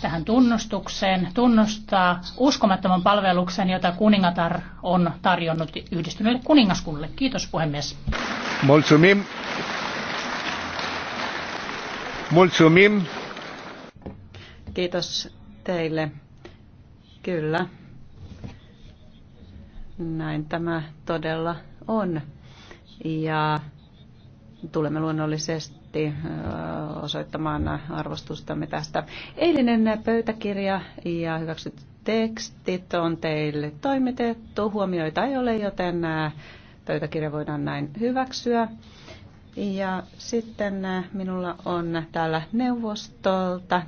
tähän tunnustukseen tunnustaa uskomattoman palveluksen, jota kuningatar on tarjonnut yhdistyneelle kuningaskunnalle. Kiitos puhemies. Mulțumim. Mulțumim. Kiitos teille. Kyllä. Näin tämä todella on. Ja tulemme luonnollisesti osoittamaan arvostustamme tästä. Eilinen pöytäkirja ja hyväksytty tekstit on teille toimitettu. Huomioita ei ole, joten pöytäkirja voidaan näin hyväksyä. Ja sitten minulla on täällä neuvostolta